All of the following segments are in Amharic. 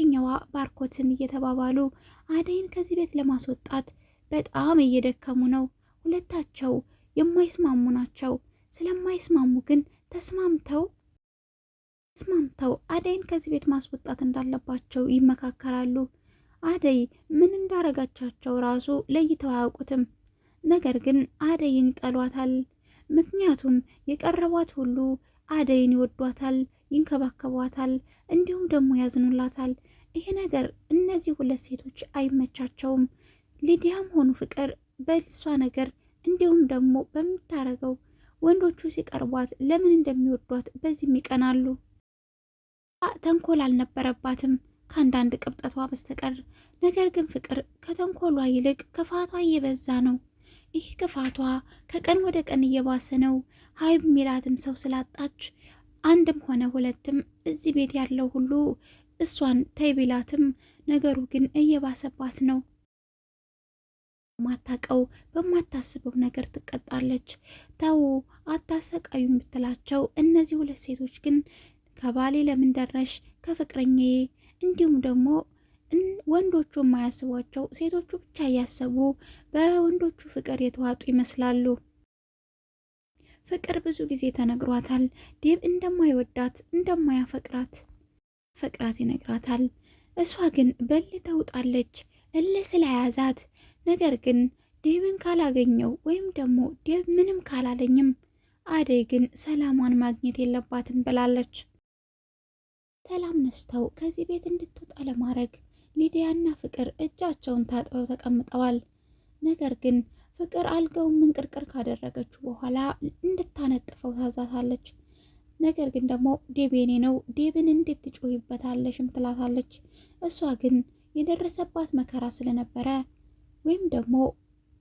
ያችኛዋ ባርኮትን እየተባባሉ አደይን ከዚህ ቤት ለማስወጣት በጣም እየደከሙ ነው። ሁለታቸው የማይስማሙ ናቸው። ስለማይስማሙ ግን ተስማምተው ተስማምተው አደይን ከዚህ ቤት ማስወጣት እንዳለባቸው ይመካከራሉ። አደይ ምን እንዳረጋቻቸው ራሱ ለይተው አያውቁትም። ነገር ግን አደይን ይጠሏታል። ምክንያቱም የቀረቧት ሁሉ አደይን ይወዷታል፣ ይንከባከቧታል፣ እንዲሁም ደግሞ ያዝኑላታል። ይሄ ነገር እነዚህ ሁለት ሴቶች አይመቻቸውም። ሊዲያም ሆኑ ፍቅር በሷ ነገር እንዲሁም ደግሞ በምታረገው ወንዶቹ ሲቀርቧት ለምን እንደሚወዷት በዚህም ይቀናሉ። ተንኮል አልነበረባትም ከአንዳንድ ቅብጠቷ በስተቀር። ነገር ግን ፍቅር ከተንኮሏ ይልቅ ክፋቷ እየበዛ ነው። ይህ ክፋቷ ከቀን ወደ ቀን እየባሰ ነው። ሀይብ ሚላትም ሰው ስላጣች አንድም ሆነ ሁለትም እዚህ ቤት ያለው ሁሉ እሷን ተይ ቢላትም ነገሩ ግን እየባሰባት ነው። ማታቀው በማታስበው ነገር ትቀጣለች። ተው አታሰቃዩም ብትላቸው እነዚህ ሁለት ሴቶች ግን ከባሌ ለምን ደረሽ ከፍቅረኛዬ እንዲሁም ደግሞ ወንዶቹ የማያስቧቸው ሴቶቹ ብቻ እያሰቡ በወንዶቹ ፍቅር የተዋጡ ይመስላሉ። ፍቅር ብዙ ጊዜ ተነግሯታል ዴብ እንደማይወዳት እንደማያፈቅራት ፍቅራት ይነግራታል። እሷ ግን በል ተውጣለች እልህ ስለያዛት ነገር ግን ዴብን ካላገኘው ወይም ደግሞ ዴብ ምንም ካላለኝም አደይ ግን ሰላሟን ማግኘት የለባትም ብላለች። ሰላም ነስተው ከዚህ ቤት እንድትወጣ ለማድረግ ሊዲያና ፍቅር እጃቸውን ታጥበው ተቀምጠዋል። ነገር ግን ፍቅር አልጋውን ምንቅርቅር ካደረገችው በኋላ እንድታነጥፈው ታዛታለች። ነገር ግን ደግሞ ዴብ የኔ ነው ዴብን እንዴት ትጮሂበታለሽም ትላታለች። እሷ ግን የደረሰባት መከራ ስለነበረ ወይም ደግሞ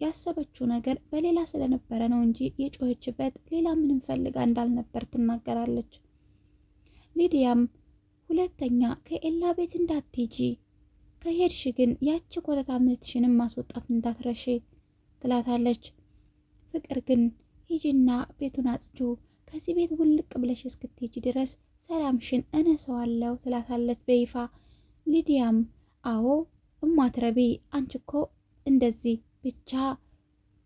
ያሰበችው ነገር በሌላ ስለነበረ ነው እንጂ የጮኸችበት ሌላ ምንም ፈልጋ እንዳልነበር ትናገራለች። ሊዲያም ሁለተኛ ከኤላ ቤት እንዳትሄጂ፣ ከሄድሽ ግን ያቺ ኮተታ ምትሽንም ማስወጣት እንዳትረሽ ትላታለች። ፍቅር ግን ሂጂና ቤቱን አጽጁ ከዚህ ቤት ውልቅ ብለሽ እስክትሄጂ ድረስ ሰላምሽን እነሰዋለሁ ትላታለች በይፋ። ሊዲያም አዎ እማትረቢ አንቺ እኮ እንደዚህ ብቻ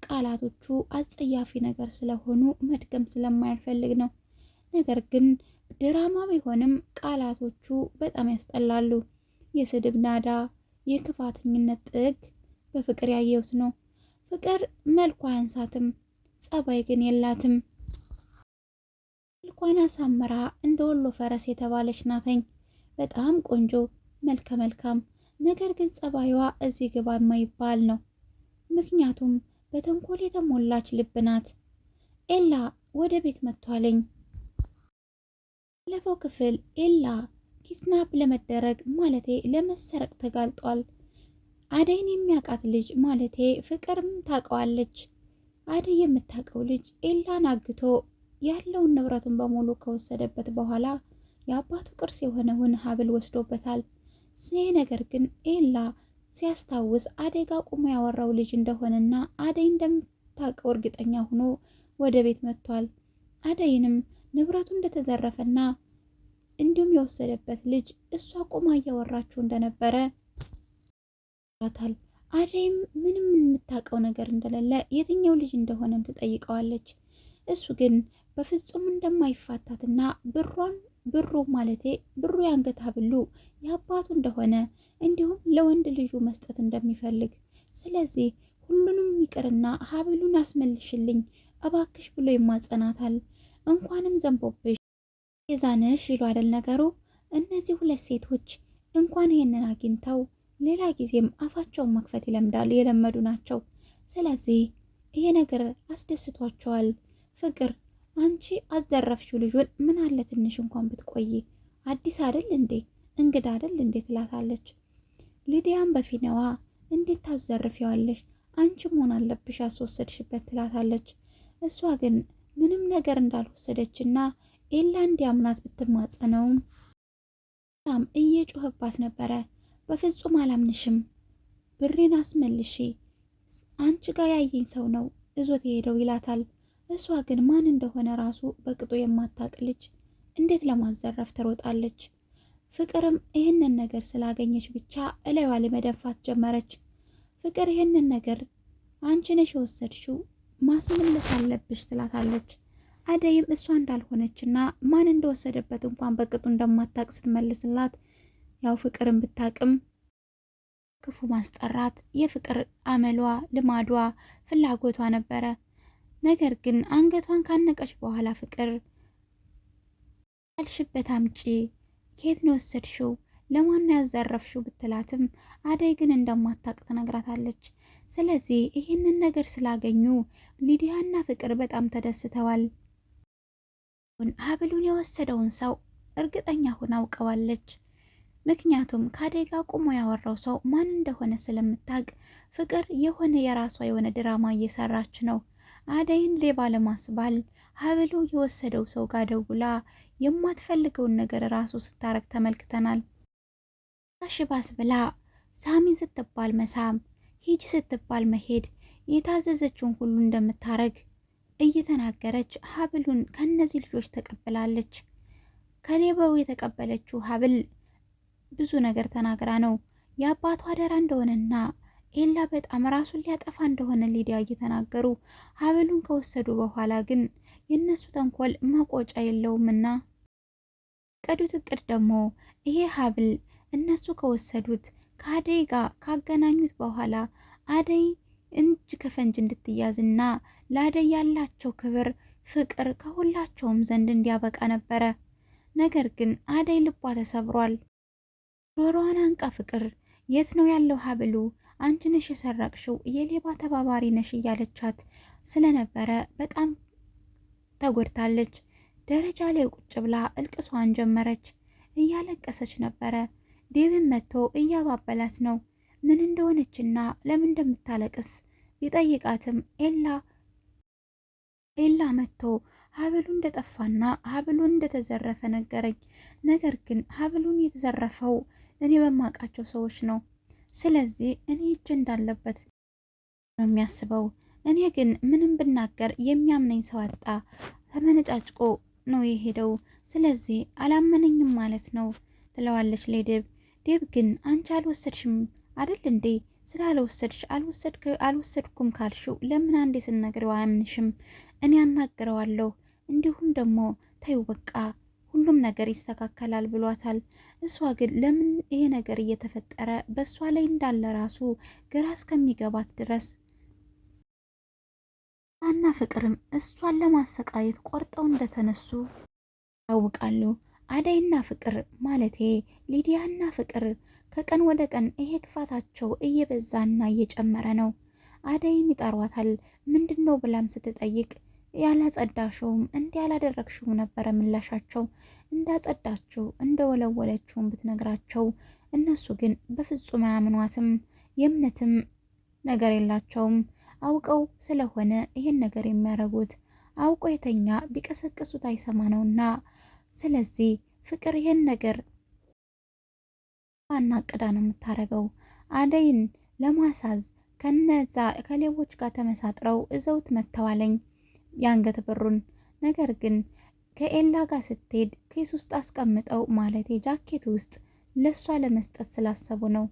ቃላቶቹ አጸያፊ ነገር ስለሆኑ መድገም ስለማያልፈልግ ነው። ነገር ግን ድራማ ቢሆንም ቃላቶቹ በጣም ያስጠላሉ። የስድብ ናዳ፣ የክፋተኝነት ጥግ በፍቅር ያየሁት ነው። ፍቅር መልኩ አያንሳትም፣ ጸባይ ግን የላትም። መልኳን አሳምራ እንደ ወሎ ፈረስ የተባለች ናተኝ። በጣም ቆንጆ መልከ መልካም፣ ነገር ግን ጸባዩዋ እዚህ ግባ የማይባል ነው። ምክንያቱም በተንኮል የተሞላች ልብ ናት። ኤላ ወደ ቤት መጥቷለኝ። ባለፈው ክፍል ኤላ ኪትናፕ ለመደረግ ማለቴ ለመሰረቅ ተጋልጧል። አደይን የሚያውቃት ልጅ ማለቴ ፍቅርም ታውቀዋለች። አደይ የምታውቀው ልጅ ኤላን አግቶ ያለውን ንብረቱን በሙሉ ከወሰደበት በኋላ የአባቱ ቅርስ የሆነውን ሀብል ወስዶበታል። ይህ ነገር ግን ኤላ ሲያስታውስ አደይ ጋ ቁሞ ያወራው ልጅ እንደሆነና አደይ እንደምታውቀው እርግጠኛ ሆኖ ወደ ቤት መጥቷል። አደይንም ንብረቱ እንደተዘረፈና እንዲሁም የወሰደበት ልጅ እሷ ቁማ እያወራችሁ እንደነበረ ታል። አደይም ምንም የምታውቀው ነገር እንደሌለ የትኛው ልጅ እንደሆነም ትጠይቀዋለች። እሱ ግን በፍጹም እንደማይፋታትና ብሯን ብሩ ማለቴ ብሩ የአንገት ሀብሉ የአባቱ እንደሆነ እንዲሁም ለወንድ ልጁ መስጠት እንደሚፈልግ ስለዚህ ሁሉንም ይቅርና ሀብሉን አስመልሽልኝ እባክሽ ብሎ ይማጸናታል። እንኳንም ዘንቦብሽ የዛነሽ ይሏል ነገሩ። እነዚህ ሁለት ሴቶች እንኳን ይህንን አግኝተው ሌላ ጊዜም አፋቸውን መክፈት ይለምዳል የለመዱ ናቸው። ስለዚህ ይሄ ነገር አስደስቷቸዋል። ፍቅር አንቺ አዘረፍሽው ልጁን። ምን አለ ትንሽ እንኳን ብትቆይ፣ አዲስ አይደል እንዴ እንግዳ አይደል እንዴ ትላታለች። ሊዲያም በፊነዋ እንዴት ታዘርፊዋለሽ? አንቺ መሆን አለብሽ አስወሰድሽበት ትላታለች። እሷ ግን ምንም ነገር እንዳልወሰደችና ኤላ እንዲያምናት ብትማጸነውም ም እየጮህባት ነበረ። በፍጹም አላምንሽም፣ ብሬን አስመልሺ፣ አንቺ ጋር ያየኝ ሰው ነው እዞት የሄደው ይላታል። እሷ ግን ማን እንደሆነ ራሱ በቅጡ የማታቅ ልጅ እንዴት ለማዘረፍ ትሮጣለች? ፍቅርም ይህንን ነገር ስላገኘች ብቻ እላይዋ ላይ መደንፋት ጀመረች። ፍቅር ይህንን ነገር አንቺ ነሽ የወሰድሽው ማስመለስ አለብሽ ትላታለች። አደይም እሷ እንዳልሆነች እና ማን እንደወሰደበት እንኳን በቅጡ እንደማታቅ ስትመልስላት ያው ፍቅርን ብታቅም ክፉ ማስጠራት የፍቅር አመሏ፣ ልማዷ፣ ፍላጎቷ ነበረ። ነገር ግን አንገቷን ካነቀች በኋላ ፍቅር ያልሽበት አምጪ፣ ኬት ነው ወሰድሽው፣ ለማን ያዘረፍሽው? ብትላትም አደይ ግን እንደማታውቅ ትነግራታለች። ስለዚህ ይህንን ነገር ስላገኙ ሊዲያና ፍቅር በጣም ተደስተዋል። ሀብሉን የወሰደውን ሰው እርግጠኛ ሆና አውቀዋለች። ምክንያቱም ከአደይ ጋር ቁሞ ያወራው ሰው ማን እንደሆነ ስለምታውቅ ፍቅር የሆነ የራሷ የሆነ ድራማ እየሰራች ነው። አደይን ሌባ ለማስባል ሀብሉ የወሰደው ሰው ጋር ደውላ የማትፈልገውን ነገር ራሱ ስታረግ ተመልክተናል። ሽባስ ብላ ሳሚን ስትባል መሳም፣ ሂጅ ስትባል መሄድ፣ የታዘዘችውን ሁሉ እንደምታረግ እየተናገረች ሀብሉን ከእነዚህ ልጆች ተቀብላለች። ከሌባው የተቀበለችው ሀብል ብዙ ነገር ተናግራ ነው የአባቷ አደራ እንደሆነና ኤላ በጣም ራሱን ሊያጠፋ እንደሆነ ሊዲያ እየተናገሩ ሀብሉን ከወሰዱ በኋላ ግን የእነሱ ተንኮል ማቆጫ የለውምና ቀዱት እቅድ ደግሞ ይሄ ሀብል እነሱ ከወሰዱት ከአደይ ጋር ካገናኙት በኋላ አደይ እጅ ከፈንጅ እንድትያዝና ለአደይ ያላቸው ክብር፣ ፍቅር ከሁላቸውም ዘንድ እንዲያበቃ ነበረ። ነገር ግን አደይ ልቧ ተሰብሯል። ዶሮዋን አንቃ ፍቅር የት ነው ያለው ሀብሉ አንቺ ነሽ የሰረቅሽው የሌባ ተባባሪ ነሽ እያለቻት ስለነበረ በጣም ተጎድታለች። ደረጃ ላይ ቁጭ ብላ እልቅሷን ጀመረች። እያለቀሰች ነበረ። ዴብን መጥቶ እያባበላት ነው። ምን እንደሆነችና ለምን እንደምታለቅስ ቢጠይቃትም ኤላ ኤላ መጥቶ ሀብሉ እንደጠፋና ሀብሉን እንደተዘረፈ ነገረኝ። ነገር ግን ሀብሉን የተዘረፈው እኔ በማውቃቸው ሰዎች ነው ስለዚህ እኔ እጅ እንዳለበት ነው የሚያስበው። እኔ ግን ምንም ብናገር የሚያምነኝ ሰው አጣ። ተመነጫጭቆ ነው የሄደው። ስለዚህ አላመነኝም ማለት ነው ትለዋለች ለዴብ። ዴብ ግን አንቺ አልወሰድሽም አደል እንዴ? ስላልወሰድሽ አልወሰድኩም ካልሽው ለምን አንዴ ስነግረው አያምንሽም? እኔ አናግረዋለሁ። እንዲሁም ደግሞ ተይው በቃ ሁሉም ነገር ይስተካከላል ብሏታል። እሷ ግን ለምን ይሄ ነገር እየተፈጠረ በእሷ ላይ እንዳለ ራሱ ግራ እስከሚገባት ድረስ እና ፍቅርም እሷን ለማሰቃየት ቆርጠው እንደተነሱ ያውቃሉ። አደይና ፍቅር ማለቴ ሊዲያና ፍቅር ከቀን ወደ ቀን ይሄ ክፋታቸው እየበዛና እየጨመረ ነው። አደይን ይጠሯታል። ምንድን ነው ብላም ስትጠይቅ ያላጸዳሽውም እንዲህ ያላደረግሽውም ነበረ ምላሻቸው። እንዳጸዳችው እንደወለወለችውም ብትነግራቸው እነሱ ግን በፍጹም አያምኗትም። የእምነትም ነገር የላቸውም። አውቀው ስለሆነ ይህን ነገር የሚያደርጉት አውቆ የተኛ ቢቀሰቅሱት አይሰማ ነውና፣ ስለዚህ ፍቅር ይህን ነገር ዋና ቅዳ ነው የምታደርገው። አደይን ለማሳዝ ከነዛ ከሌቦች ጋር ተመሳጥረው እዘውት መጥተዋለኝ። የአንገት ብሩን ነገር ግን ከኤላ ጋር ስትሄድ ኬስ ውስጥ አስቀምጠው ማለት ጃኬት ውስጥ ለእሷ ለመስጠት ስላሰቡ ነው።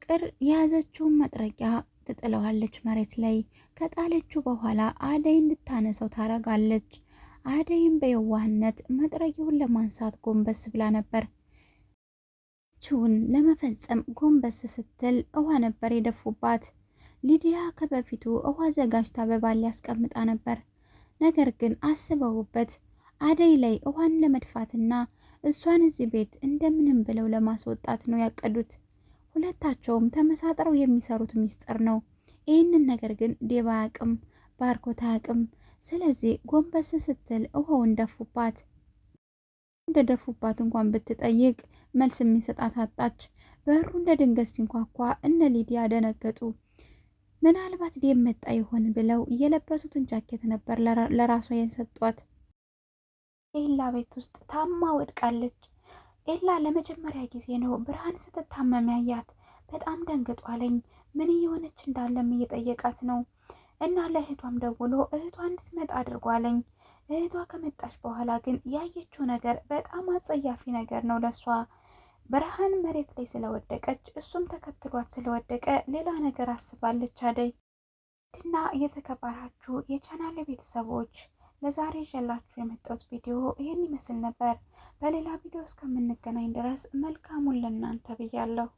ፍቅር የያዘችውን መጥረቂያ ትጥለዋለች መሬት ላይ። ከጣለችው በኋላ አደይ እንድታነሰው ታረጋለች። አደይም በየዋህነት መጥረጊያውን ለማንሳት ጎንበስ ብላ ነበር። ችውን ለመፈጸም ጎንበስ ስትል ውሃ ነበር የደፉባት። ሊዲያ ከበፊቱ ውሃ አዘጋጅታ በባል ሊያስቀምጣ ነበር። ነገር ግን አስበውበት አደይ ላይ ውሃን ለመድፋትና እሷን እዚህ ቤት እንደምንም ብለው ለማስወጣት ነው ያቀዱት። ሁለታቸውም ተመሳጥረው የሚሰሩት ሚስጥር ነው። ይህንን ነገር ግን ዴባ አያውቅም፣ ባርኮት አያውቅም። ስለዚህ ጎንበስ ስትል ውሃውን ደፉባት። እንደደፉባት እንኳን ብትጠይቅ መልስ የሚሰጣት አጣች። በሩ እንደ ድንገት ሲንኳኳ እነ ሊዲያ ደነገጡ። ምናልባት ደም መጣ ይሆን ብለው የለበሱትን ጃኬት ነበር ለራሷ የሰጧት። ኤላ ቤት ውስጥ ታማ ወድቃለች። ኤላ ለመጀመሪያ ጊዜ ነው ብርሃን ስትታመም ያያት። በጣም ደንግጧለኝ። ምን እየሆነች እንዳለም እየጠየቃት ነው እና ለእህቷም ደውሎ እህቷ እንድትመጣ አድርጓለኝ። እህቷ ከመጣች በኋላ ግን ያየችው ነገር በጣም አጸያፊ ነገር ነው ለሷ ብርሃን መሬት ላይ ስለወደቀች እሱም ተከትሏት ስለወደቀ ሌላ ነገር አስባለች አደይ። ድና እየተከበራችሁ የቻናል ቤተሰቦች ለዛሬ ይዤላችሁ የመጣሁት ቪዲዮ ይህን ይመስል ነበር። በሌላ ቪዲዮ እስከምንገናኝ ድረስ መልካሙን ለእናንተ ብያለሁ።